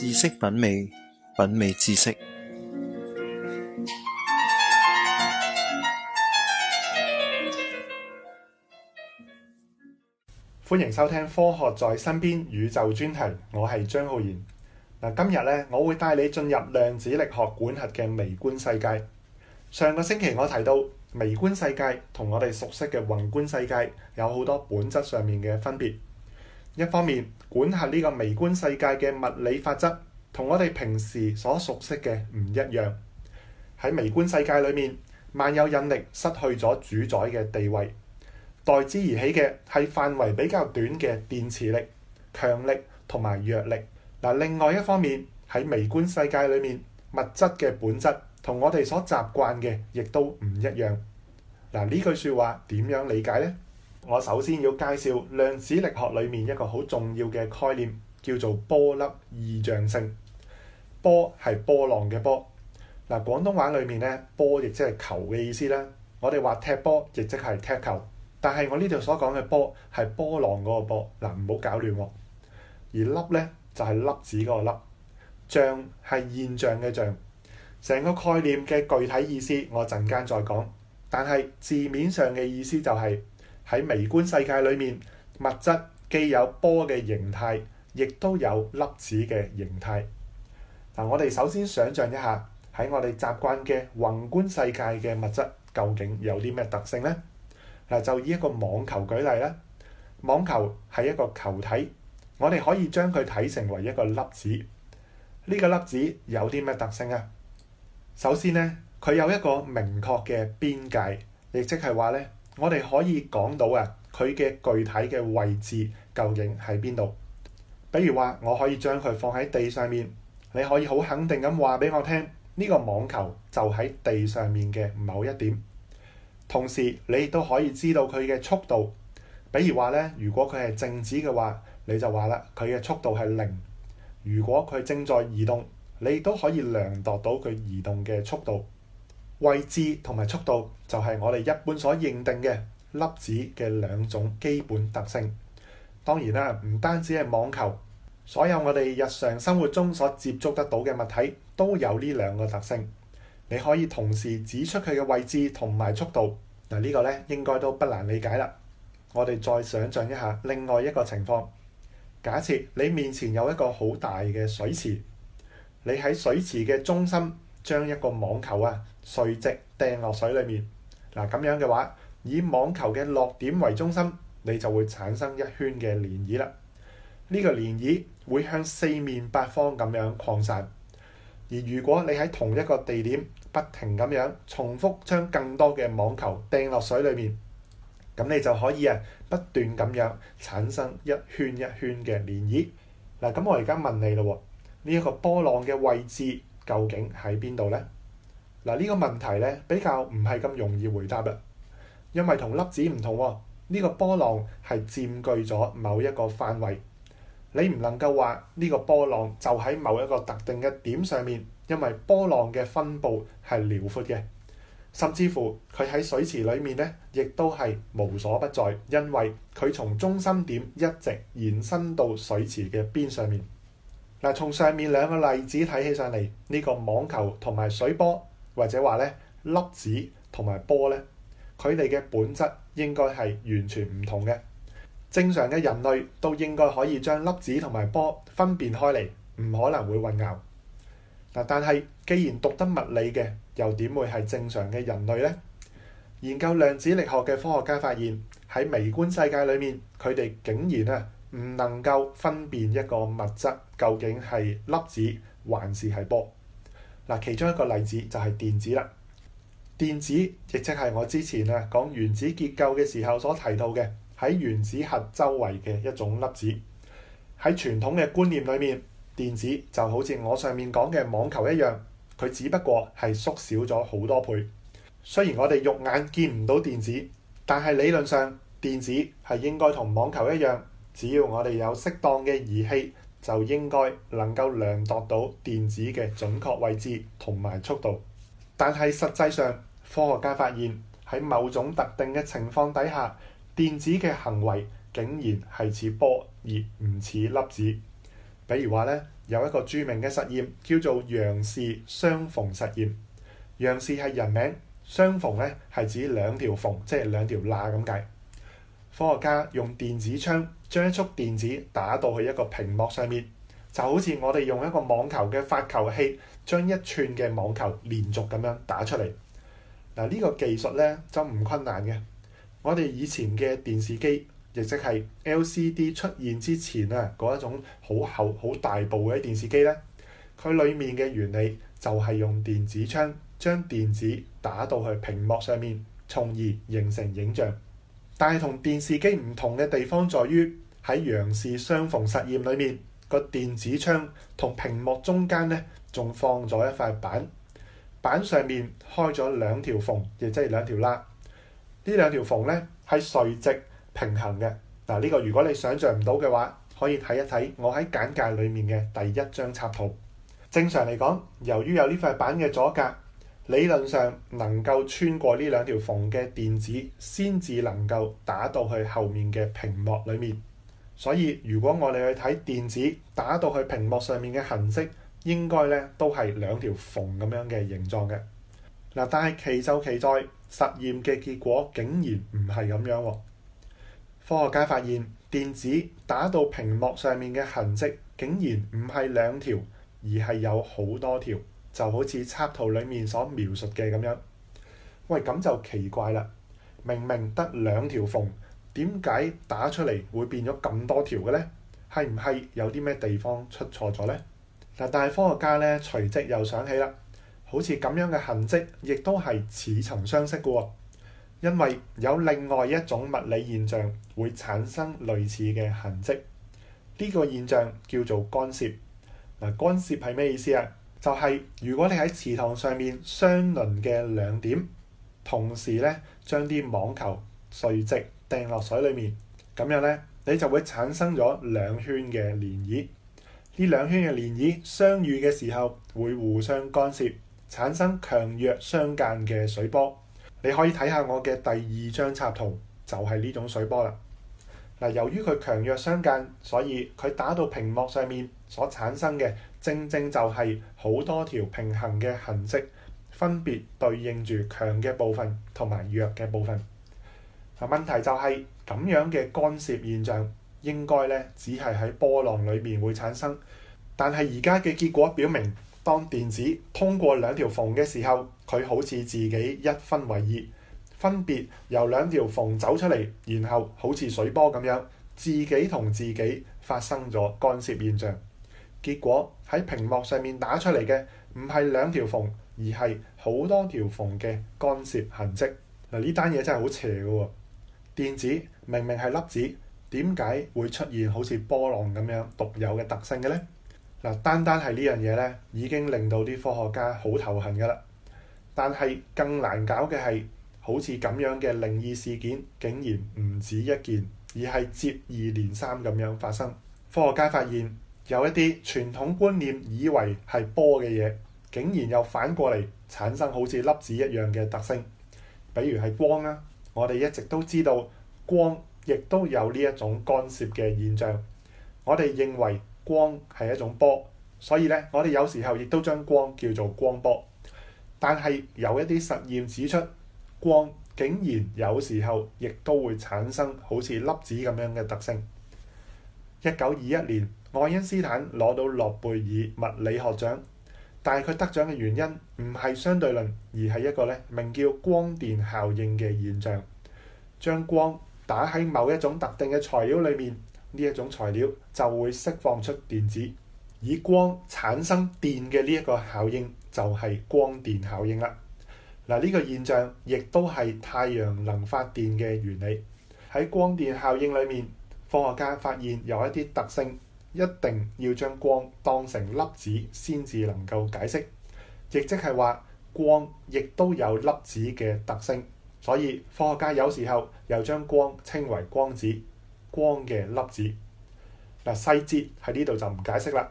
知識品味，品味知識。歡迎收聽《科學在身邊·宇宙》專題，我係張浩然。嗱，今日咧，我會帶你進入量子力學管轄嘅微觀世界。上個星期我提到，微觀世界同我哋熟悉嘅宏觀世界有好多本質上面嘅分別。一方面，管轄呢個微觀世界嘅物理法則，同我哋平時所熟悉嘅唔一樣。喺微觀世界裏面，萬有引力失去咗主宰嘅地位，代之而起嘅係範圍比較短嘅電磁力、強力同埋弱力。嗱，另外一方面，喺微觀世界裏面，物質嘅本質同我哋所習慣嘅亦都唔一樣。嗱，呢句説話點樣理解呢？我首先要介紹量子力學裏面一個好重要嘅概念，叫做波粒二象性。波係波浪嘅波。嗱，廣東話裏面咧，波亦即係球嘅意思啦。我哋話踢波，亦即係踢球，但係我呢度所講嘅波係波浪嗰個波嗱，唔好搞亂喎。而粒咧就係粒子嗰個粒，象係現象嘅象。成個概念嘅具體意思我陣間再講，但係字面上嘅意思就係。喺微觀世界裏面，物質既有波嘅形態，亦都有粒子嘅形態。嗱，我哋首先想象一下，喺我哋習慣嘅宏觀世界嘅物質，究竟有啲咩特性呢？嗱，就以一個網球舉例啦。網球係一個球體，我哋可以將佢睇成為一個粒子。呢個粒子有啲咩特性啊？首先呢，佢有一個明確嘅邊界，亦即係話呢。我哋可以講到啊，佢嘅具體嘅位置究竟喺邊度？比如話，我可以將佢放喺地上面，你可以好肯定咁話俾我聽，呢個網球就喺地上面嘅某一點。同時，你亦都可以知道佢嘅速度。比如話咧，如果佢係靜止嘅話，你就話啦，佢嘅速度係零。如果佢正在移動，你亦都可以量度到佢移動嘅速度。位置同埋速度就係、是、我哋一般所認定嘅粒子嘅兩種基本特性。當然啦，唔單止係網球，所有我哋日常生活中所接觸得到嘅物體都有呢兩個特性。你可以同時指出佢嘅位置同埋速度。嗱、這、呢個咧應該都不難理解啦。我哋再想像一下另外一個情況。假設你面前有一個好大嘅水池，你喺水池嘅中心。將一個網球啊，垂直掟落水裡面，嗱，咁樣嘅話，以網球嘅落點為中心，你就會產生一圈嘅漣漪啦。呢個漣漪會向四面八方咁樣擴散。而如果你喺同一個地點不停咁樣重複將更多嘅網球掟落水裡面，咁你就可以啊不斷咁樣產生一圈一圈嘅漣漪。嗱，咁我而家問你啦喎，呢一個波浪嘅位置，究竟喺邊度呢？嗱，呢個問題咧比較唔係咁容易回答啦，因為同粒子唔同喎，呢個波浪係佔據咗某一個範圍，你唔能夠話呢個波浪就喺某一個特定嘅點上面，因為波浪嘅分佈係遼闊嘅，甚至乎佢喺水池裡面咧，亦都係無所不在，因為佢從中心點一直延伸到水池嘅邊上面。嗱，從上面兩個例子睇起上嚟，呢個網球同埋水波，或者話咧粒子同埋波咧，佢哋嘅本質應該係完全唔同嘅。正常嘅人類都應該可以將粒子同埋波分辨開嚟，唔可能會混淆。但係既然讀得物理嘅，又點會係正常嘅人類呢？研究量子力學嘅科學家發現，喺微觀世界裏面，佢哋竟然啊～唔能夠分辨一個物質究竟係粒子還是係波。嗱，其中一個例子就係電子啦。電子，亦即係我之前啊講原子結構嘅時候所提到嘅，喺原子核周圍嘅一種粒子。喺傳統嘅觀念裡面，電子就好似我上面講嘅網球一樣，佢只不過係縮小咗好多倍。雖然我哋肉眼見唔到電子，但係理論上電子係應該同網球一樣。只要我哋有適當嘅儀器，就應該能夠量度到電子嘅準確位置同埋速度。但係實際上，科學家發現喺某種特定嘅情況底下，電子嘅行為竟然係似波而唔似粒子。比如話咧，有一個著名嘅實驗叫做楊氏雙縫實驗。楊氏係人名，雙縫咧係指兩條縫，即係兩條罅咁解。科學家用電子槍，將一束電子打到去一個屏幕上面，就好似我哋用一個網球嘅發球器，將一串嘅網球連續咁樣打出嚟。嗱、這、呢個技術咧就唔困難嘅。我哋以前嘅電視機，亦即係 LCD 出現之前啊嗰一種好厚好大部嘅電視機咧，佢裡面嘅原理就係用電子槍將電子打到去屏幕上面，從而形成影像。但係同電視機唔同嘅地方，在於喺楊氏雙縫實驗裏面，個電子槍同屏幕中間咧，仲放咗一塊板，板上面開咗兩條縫，亦即係兩條罅。兩條縫，呢兩條縫咧係垂直平行嘅。嗱，呢個如果你想像唔到嘅話，可以睇一睇我喺簡介裡面嘅第一張插圖。正常嚟講，由於有呢塊板嘅阻隔。理論上能夠穿過呢兩條縫嘅電子，先至能夠打到去後面嘅屏幕裡面。所以如果我哋去睇電子打到去屏幕上面嘅痕跡，應該咧都係兩條縫咁樣嘅形狀嘅。嗱，但係奇就奇在實驗嘅結果竟然唔係咁樣喎。科學家發現電子打到屏幕上面嘅痕跡竟然唔係兩條，而係有好多條。就好似插圖裏面所描述嘅咁樣，喂咁就奇怪啦！明明得兩條縫，點解打出嚟會變咗咁多條嘅呢？係唔係有啲咩地方出錯咗呢？嗱，但係科學家咧隨即又想起啦，好似咁樣嘅痕跡，亦都係似曾相識嘅喎，因為有另外一種物理現象會產生類似嘅痕跡。呢個現象叫做干涉。嗱，干涉係咩意思啊？就係、是、如果你喺池塘上面相鄰嘅兩點，同時咧將啲網球垂直掟落水裡面，咁樣咧你就會產生咗兩圈嘅漣漪。呢兩圈嘅漣漪相遇嘅時候會互相干涉，產生強弱相間嘅水波。你可以睇下我嘅第二張插圖，就係、是、呢種水波啦。嗱，由於佢強弱相間，所以佢打到屏幕上面所產生嘅。正正就係好多條平行嘅痕跡，分別對應住強嘅部分同埋弱嘅部分。啊，問題就係咁樣嘅干涉現象應該咧，只係喺波浪裏面會產生，但係而家嘅結果表明，當電子通過兩條縫嘅時候，佢好似自己一分為二，分別由兩條縫走出嚟，然後好似水波咁樣，自己同自己發生咗干涉現象。結果喺屏幕上面打出嚟嘅唔係兩條縫，而係好多條縫嘅干涉痕跡。嗱，呢單嘢真係好邪嘅喎！電子明明係粒子，點解會出現好似波浪咁樣獨有嘅特性嘅呢？嗱，單單係呢樣嘢呢，已經令到啲科學家好頭痕㗎喇。但係更難搞嘅係，好似咁樣嘅靈異事件，竟然唔止一件，而係接二連三咁樣發生。科學家發現，有一啲傳統觀念以為係波嘅嘢，竟然又反過嚟產生好似粒子一樣嘅特性。比如係光啊，我哋一直都知道光亦都有呢一種干涉嘅現象。我哋認為光係一種波，所以咧，我哋有時候亦都將光叫做光波。但係有一啲實驗指出，光竟然有時候亦都會產生好似粒子咁樣嘅特性。一九二一年，愛因斯坦攞到諾貝爾物理學獎，但係佢得獎嘅原因唔係相對論，而係一個咧名叫光電效應嘅現象。將光打喺某一種特定嘅材料裏面，呢一種材料就會釋放出電子，以光產生電嘅呢一個效應就係光電效應啦。嗱，呢個現象亦都係太陽能發電嘅原理。喺光電效應裏面，科學家發現有一啲特性。一定要將光當成粒子先至能夠解釋，亦即係話光亦都有粒子嘅特性，所以科學家有時候又將光稱為光子，光嘅粒子。嗱，細節喺呢度就唔解釋啦，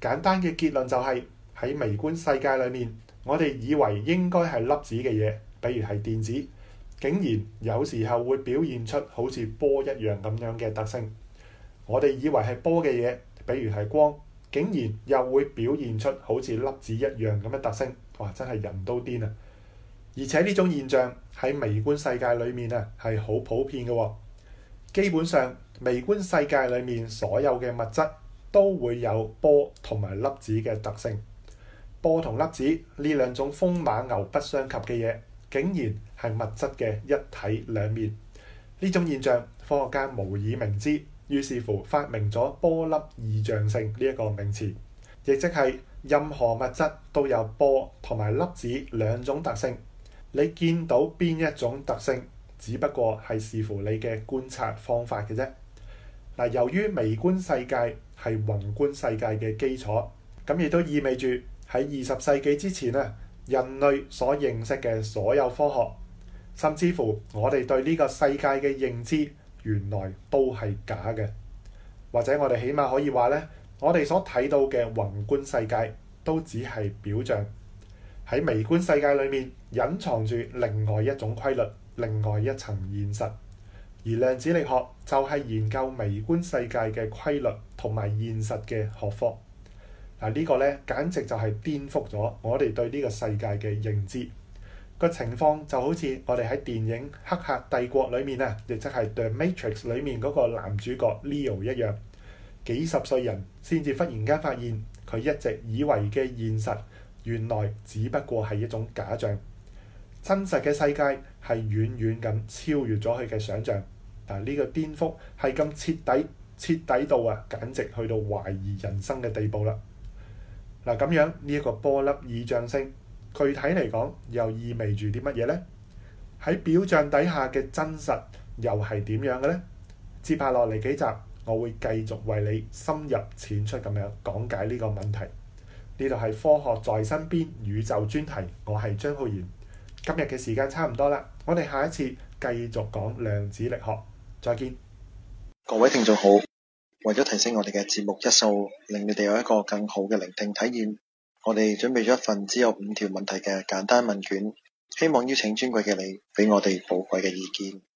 簡單嘅結論就係，喺微觀世界裡面，我哋以為應該係粒子嘅嘢，比如係電子，竟然有時候會表現出好似波一樣咁樣嘅特性。我哋以為係波嘅嘢，比如係光，竟然又會表現出好似粒子一樣咁嘅特性。哇！真係人都癲啊！而且呢種現象喺微觀世界裏面啊，係好普遍嘅哦。基本上，微觀世界裏面所有嘅物質都會有波同埋粒子嘅特性。波同粒子呢兩種風馬牛不相及嘅嘢，竟然係物質嘅一體兩面。呢種現象，科學家無以名之。於是乎發明咗波粒二象性呢一個名詞，亦即係任何物質都有波同埋粒子兩種特性。你見到邊一種特性，只不過係視乎你嘅觀察方法嘅啫。嗱，由於微觀世界係宏觀世界嘅基礎，咁亦都意味住喺二十世紀之前啊，人類所認識嘅所有科學，甚至乎我哋對呢個世界嘅認知，原來都係假嘅，或者我哋起碼可以話呢，我哋所睇到嘅宏觀世界都只係表象，喺微觀世界裏面隱藏住另外一種規律、另外一層現實，而量子力學就係研究微觀世界嘅規律同埋現實嘅學科。嗱、這、呢個呢簡直就係顛覆咗我哋對呢個世界嘅認知。個情況就好似我哋喺電影《黑客帝國》裏面啊，亦即係《The Matrix》裏面嗰個男主角 Leo 一樣，幾十歲人先至忽然間發現佢一直以為嘅現實，原來只不過係一種假象，真實嘅世界係遠遠咁超越咗佢嘅想象。嗱，呢個顛覆係咁徹底、徹底到啊，簡直去到懷疑人生嘅地步啦。嗱，咁樣呢一個波粒二象性。具體嚟講，又意味住啲乜嘢呢？喺表象底下嘅真實又係點樣嘅呢？接下落嚟幾集，我會繼續為你深入淺出咁樣講解呢個問題。呢度係科學在身邊宇宙專題，我係張浩然。今日嘅時間差唔多啦，我哋下一次繼續講量子力學。再見。各位聽眾好，為咗提升我哋嘅節目質素，令你哋有一個更好嘅聆聽體驗。我哋準備咗一份只有五條問題嘅簡單問卷，希望邀請尊貴嘅你俾我哋寶貴嘅意見。